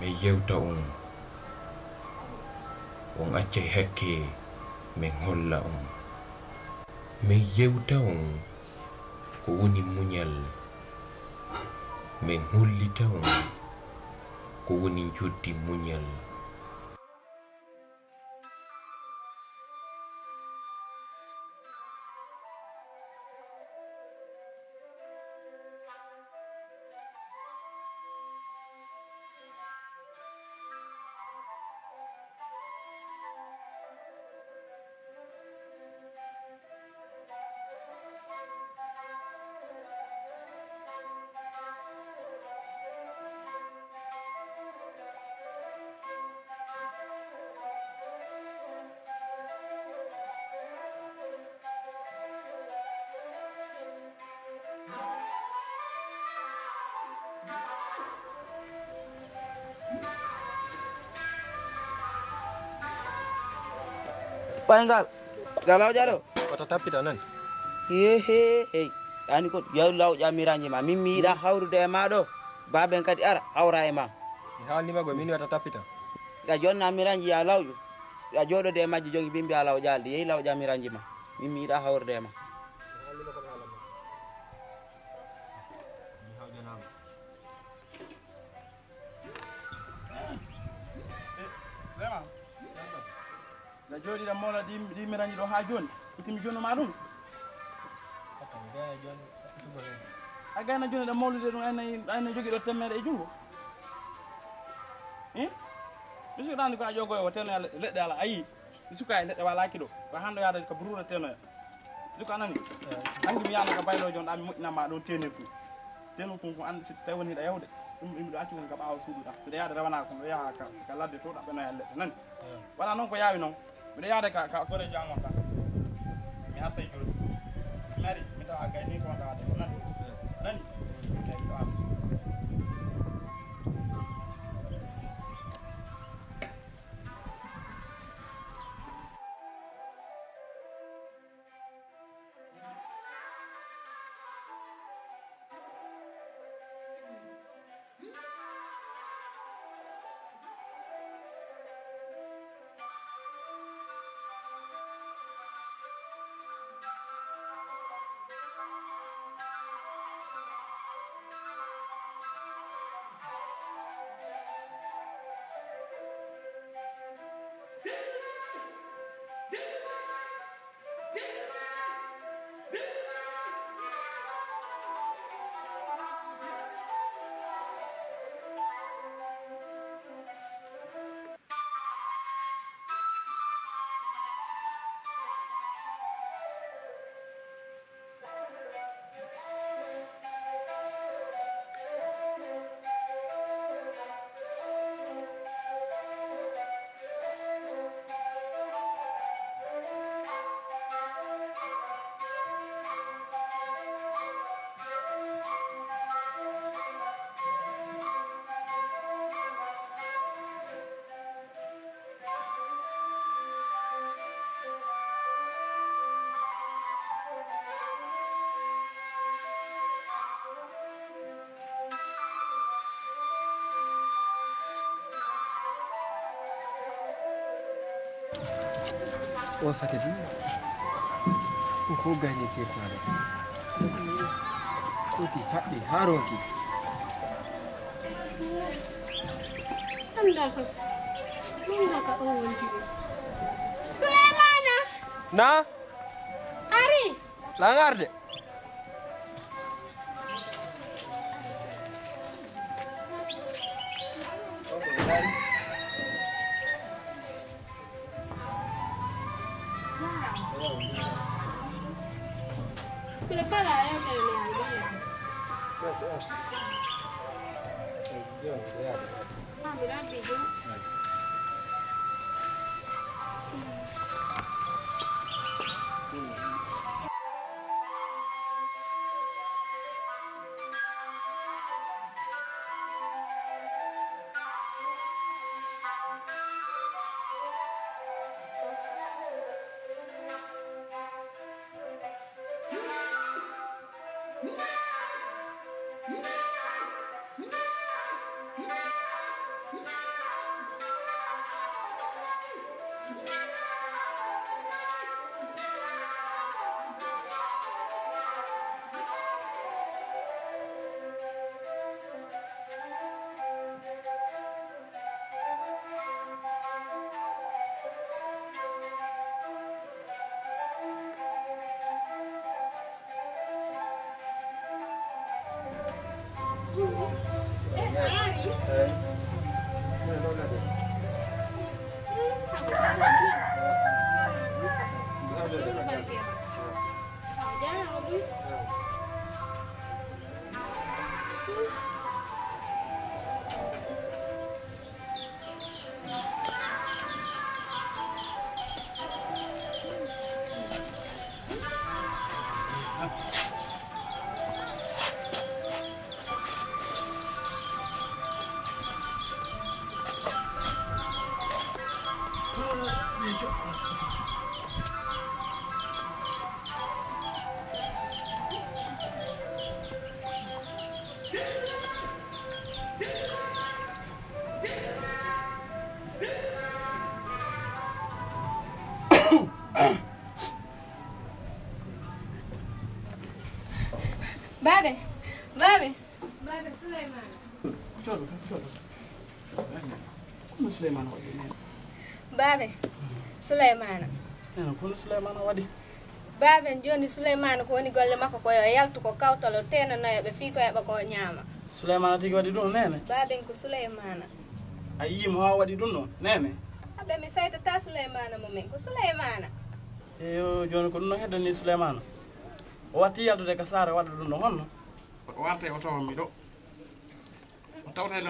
mi yewta on on accay hakke min holla on min yewta on ko woni muñal min hollita on ko woni ɓaygal lalaw ƴaɗo oto tappita noon yehe hey ɗani ko yaw law ƴamiraji ma min mi yiiɗa hawrude e maɗo baben kadi ara hawra e ma mi haalnima go min wiyata tappita ɗa jonna miraji ya lawƴo a jooɗode e majji jogi bimbi a law ƴalde yehi law ƴamiraji ma min mi yiiɗa hawrude e aɗa jooɗiɗa mawla ɗi mirani ɗo ha joni itimi jonoma ɗum a gayna joni ɗa mawlude ɗum aynayi ayna jogui e hm? mi sukaɗani ko a ƴogoyo tenoya leɗɗe ala ayi mi suka e leɗɗe walaki mi yano ko baylo jon ɗa mi moƴƴinanma ɗon tenir kum tenir kum ko andi so tawi woni hiɗa yewde ɗum ɗo acci woni ko ɓawa suuɗuɗa so ɗa yaade rewana ko ɗo yaaha ka ladde to ɗa ɓenoya leɗɗe nani wona noon ko yaawi noon reyaade ka ka kore jangon ɗa mi hartay joni sinari mi tawa gayni konsaade nani nani déedéet 원사대리 고가니 제파레 어디 파디 하로기 한다가 뭔가가 어원지 수레마나 나 아리 랑아르데 Prefera baaɓe souleymana ene kono souleymana waɗi baaɓen joni souleymana ko woni golle makko ko e kawtalo tenanoyoɓe ko heɓa ko ñaama souleymana tigi waɗi ɗum nene baaɓen ko souleymana a yiyimo waɗi ɗum ɗon nene mi feytata souleymana mumen ko souleymana eyo joni ko ɗum o watti yaltude ko saara waɗa ɗum ɗo honno o warta e o tawa mi ɗo o tawta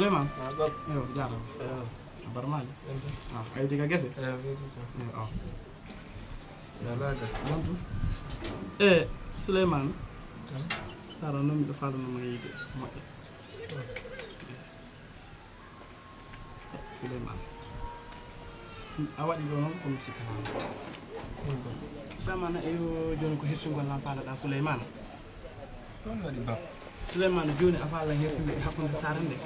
Souleymane. waaw yow jaarama. waaw barmaale. waaw ay di ka gese. noon komi sikkanama souleymane eyo joni ko hirtugol lan paalaɗa souleymane ɗon waɗi ba Souleymane jooni a faala hertinde e hakkunde sara nde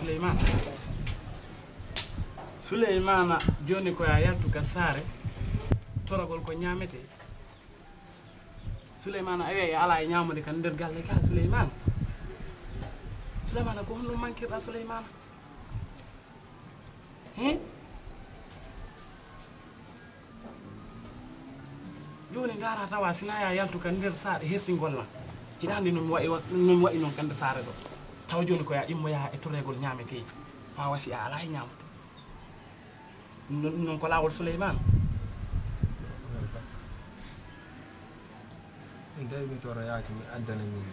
souleymana jooni koya yaltugal saare eh. toragol ko ñaamete eh. souleymana awi e eh, ala e ñaamude kan nder galle ka souleymana ko honno mankirɗa souleymana he jooni ndaara tawa sina ya yaltu kan nder saɗa hertingol ma hiɗande nomi wayi nomi wayi noon ganda saare ɗo taw joni koya immoyaha e toreygol ñaameteeji ma wasi a ala e ñaamude ɗum noon ko laawol souleymane min tawi mi toroyaaki mi addana min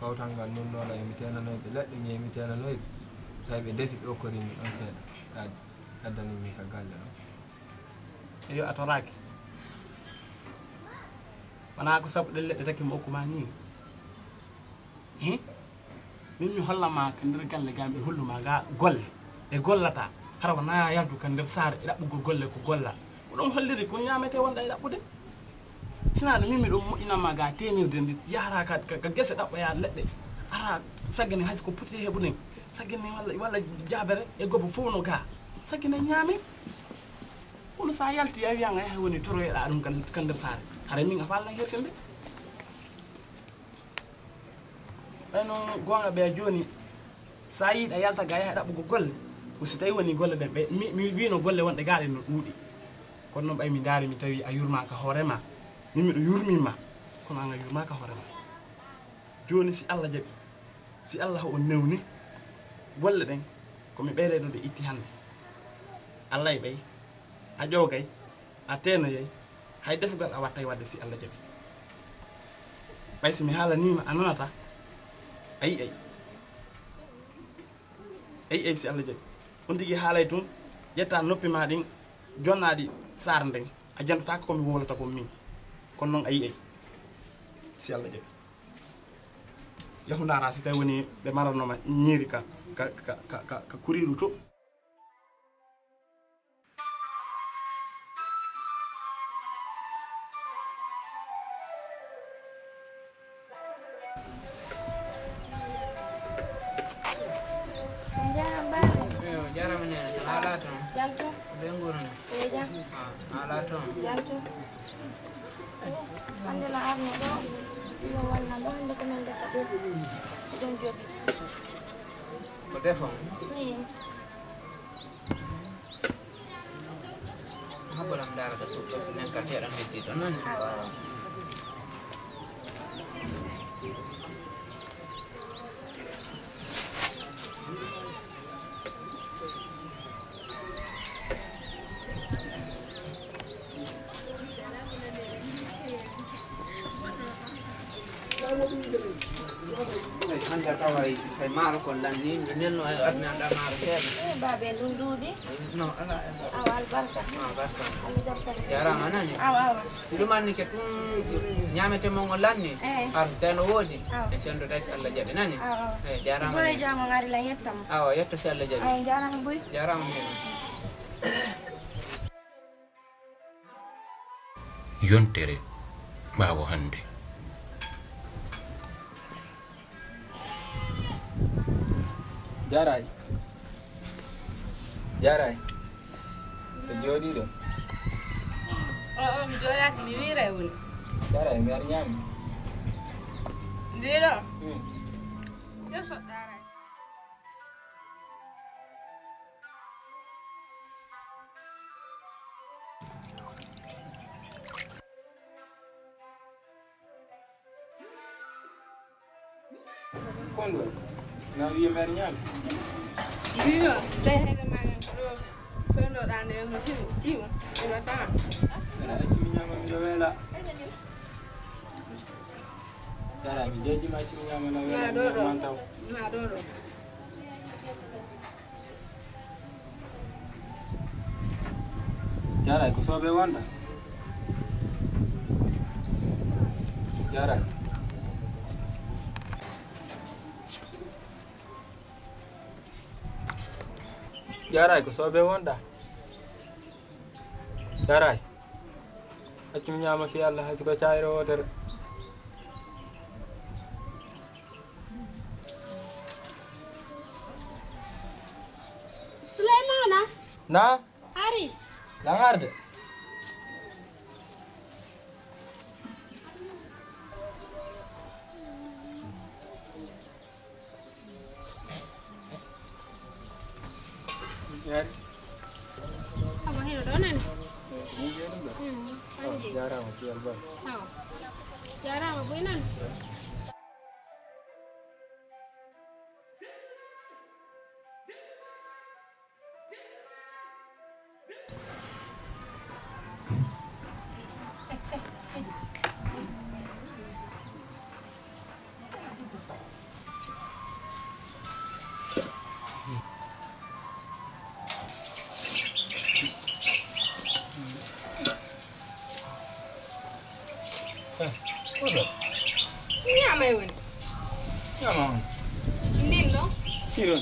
kawtal ngal noon noona e emi tenanoyɓe leɗɗe mi emi tenanoyɓe tawi ɓe defi ɓe okkorimi ɗon seeɗa addani min ka galle ɗon eyo a toraaki wonaa ko sabu ɗen leɗɗe taki mi hokkuma ni min mi hollama ko nder galle ga mi holluma ga golle ɗe gollata hara wona yaldu ka nder saare e ɗaɓɓugol golle ko golla ko ɗum holliri ko ñamete wonɗa e ɗaɓɓude sinaɗo min miɗon moƴƴinanma ga tenirde ndi yara ka ka guese ɗaɓɓoya leɗɗe ara saggene haysi ko poti heɓuden saggene walla walla jabere e gobo fof no ga saggene ñaami ulu sa yalti yawi yanga yaha woni toroyoɗa ɗum kan nder saare hara min a falna e hertinde ɓayno gonga ɓe joni sa yiiɗa yalta ga yaha ɗaɓɓugo golle ko si tawi woni golle ɗen ɓe mi wino golle wonɗe gaɗe no ɗuuɗi kono noon ɓay mi daari mi tawi a yurmaka hoorema min miɗo yurmima kono an a yurmaka hoorema joni si allah jaɓi si allah o newni golle ɗen komi ɓeydeɗo ɗe itti hannde allah e ɓey a jowgay a teenoyay hay defugal a watta e wadde si allah jaɓi ɓay so mi haalanima a nanata ayi ayi ayi ayi si allah jaɓi on tigui haalay tun ƴetta noppi ma ɗin jonnaɗi sar nden a jantotaka komi wolata komi min kono noon ayi ayi si allah jaɓi yahu dara si tawi woni ɓe maranoma ñiiri ka ka ka ka kuriru to jalto be gurna e jam ala toon jalto andena arno ɗo ɗo wanna ɗo hande ko min defa ɗo so ɗum jogi ko defon habbalam darata subto so nen ka seeɗan heddi ɗo noon tawa e maaro kon lanndimi nden no adnaɗa maaro seeɗa babe nani ah, eh, si ɗum anni ke tum ñametemo ngo lanni par no woodi e sendoɗa si allah jaɓi nani eyi jarama boye yetto si allah jaɓi jarama boy yontere ɓaawo hannde jaaraay jaaraay to jooɗiɗo o o mi jooɗaaki mi wiira e woni jaaraay mi ar ñaami ndiɗo verñaade ɗiɗo tawi hayde maga koɗo fendoɗa nde no tiwi tiwu ɗeɓatama saɗa accimi ñama miɗo weela gara mi jejjima accimi ñama no weelaman taw ma ɗo ɗo jaray ko soɓe wonda jaray jaaraay ko soobee wonɗa jaaraay accum ñaama fi allah hay siko cayre wotere souleymana na ari lan arde ñaari awa heno ɗo nani ni jeenum ɗo Tamam. Ndilo? Hilo.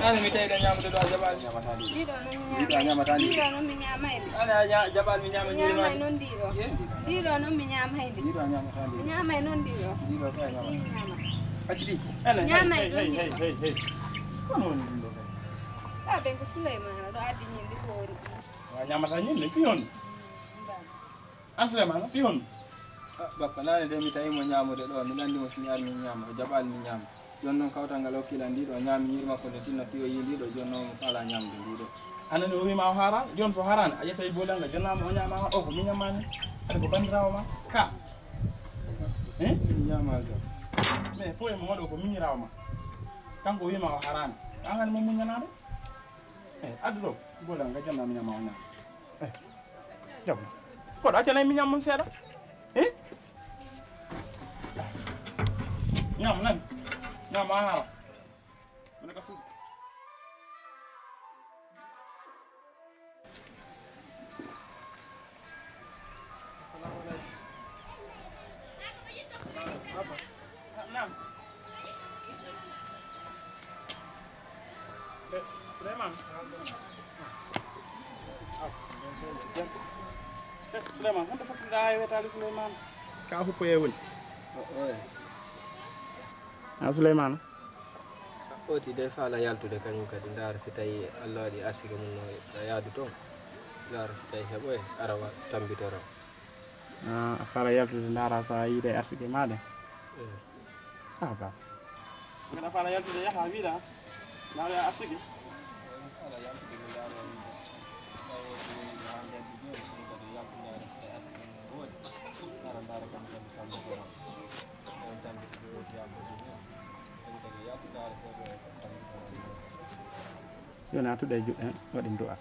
Nani mitaida nyama dodo jabal nyama tani. Ndilo no minyama. nyama tani. Ndilo no minyama hili. Ana ya jabal minyama nyama. Nyama ino ndilo. Ndilo no minyama hili. Ndilo nyama tani. Nyama ino ndilo. Ndilo kwa nyama. Achidi. Ana. Nyama ino ndilo. Hey hey hey. Kono ndilo. Ba bengo Suleiman do adi nyindi ko. Nyama tani nyindi pion. Mm, Asulema pion. bakka nane de mi tawi mo ñaamude ɗo mi anndi mo somi ar min ñaama o e jaɓaani mi ñaama jooni noon kawtal ngal hokkila ndi ɗo ñaami ñiiri makko nde tinno piyo yi ndi ɗo jooni noon mo faala ñaamde ndi o wima o haran jooni fo harani a ƴettawi boolal ngal jonnama o ñaamama o ko miñammani aɗa ko bandirawo ma ka mi ñaamal to mais fof emo waɗo ko miñirawo ma kanko wima o harani an hani mo muñanade eyi eh, addu ɗo boolal ngal jonnama ñaama o ñaama eh, jabu koɗo accanayi miñam mum seeɗa ñam nan ñam ahara mene ka fu Süleyman. Süleyman, wanda fakin da ayi wata Süleyman. Ka fu koyewul. Eh oh, eh. Oh. an ah, souleymana oti de faala yaltude kañum kadi ndaara si tawi allah waɗi arsike mum no yaadu toon ndaara si tawi heɓoye ara tambitoro ah, a faala yaltude ndaara sa yiide arsike maɗen ah, a faala yaltude yaha wiiɗa ndaara e arsike joni a tuɗa e juɗɗen waɗin du'a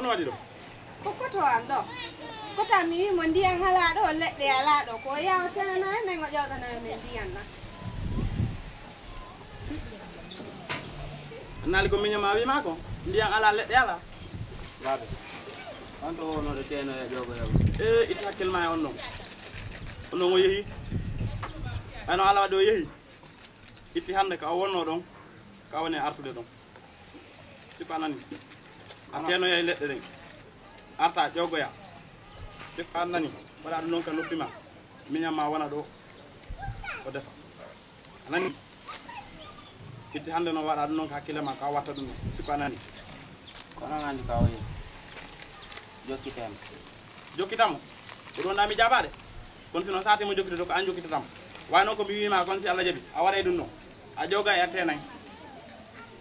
kono waɗi ɗo ko koto an ɗo kota mi wimo ndiyan e, ala ɗo leɗɗe ala ɗo ko yaw tenanayi men o ƴewɗanayi men ndiyan na annaali ko miñoma wima ko ndiyan ala leɗɗe ala waaɓe on to wonoɗo teenoyo ƴogoyogo e itta hakkille ma e on ɗon on ɗon o yeehi ayno ala waɗi o yeehi itti hannde ko a wonno ɗon ka woni artude ɗon sipa anani a keenoyo leɗɗe ɗen arta ƴogoya def an nani waɗa ɗum noon ka noppima miñamma wona ɗo o defa anani itti hannde noon waɗa ɗum noon ka hakkille ma ka watta ɗum sikko anani kono anandi ka oyi jokkitema jokkitamo ko ɗon ndami jaabade kono si noon ko an jokkitatamo way noon komi wima kon a waɗay ɗum noon a joga a tenayi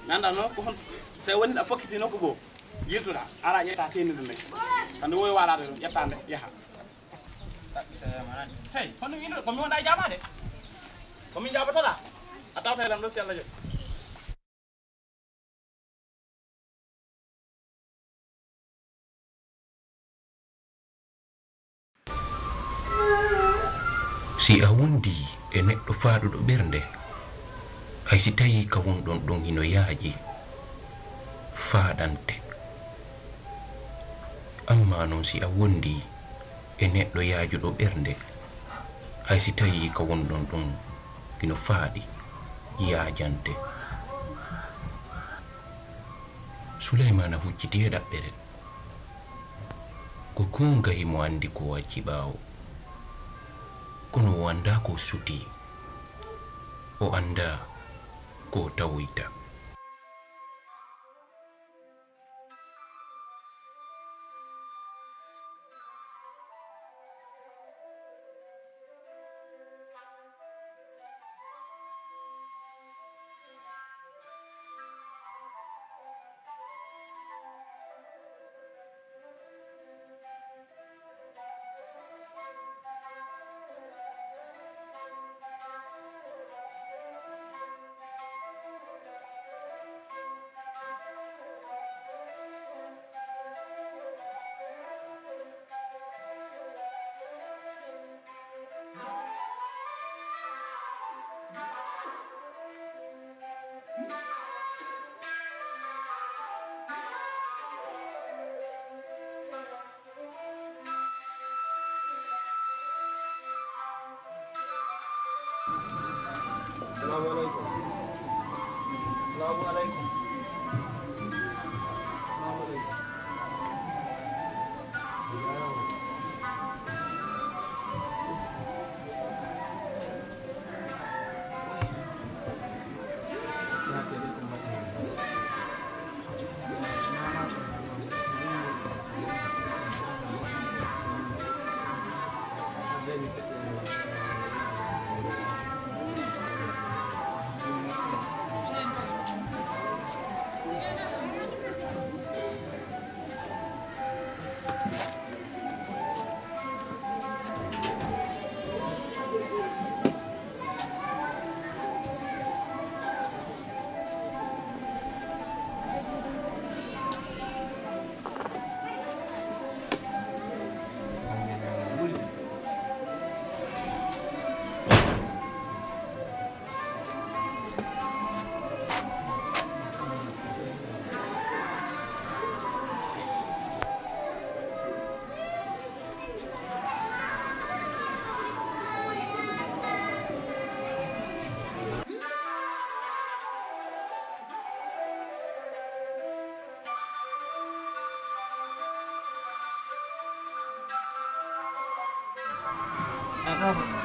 mi anda noon ko hon so woni ɗa fokkiti nokku yettula ala ƴetta kenniɗum nayi kande wowi walade ɗum ƴettande yaha hey kono wino komi wonɗa jabade komin jabotoɗa a tawta elam ɗo si allah jogi si a wondi e neɗɗo faaɗuɗo ɓernde hay si tawi ka wonɗon ɗon hino yaaji faaɗante amma noon si a wondi e neɗɗo yaajuɗo ɓernde hay si tawi ka wonɗon ɗum gino faaɗi yaajante sulaymana hucciti e ɗaɓɓere ko gonga himo andi ko wacci ɓaawo kono o anda ko suti o anda ko tawoyta salaamaaleykum salaamaaleykum salaamaaleykum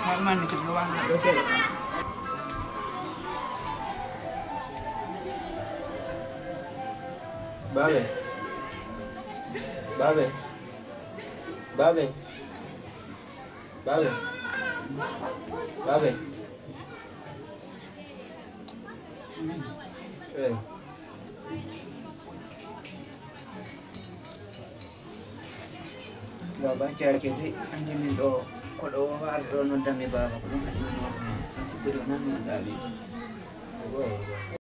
할머니 들어와. Babe. Babe. Babe. Babe. Babe. Babe. baba carake de hannde min ɗo koɗo arɗo noddanmi baba ko ɗum haɗimi noon hansi ɓuri o nan mi waɗa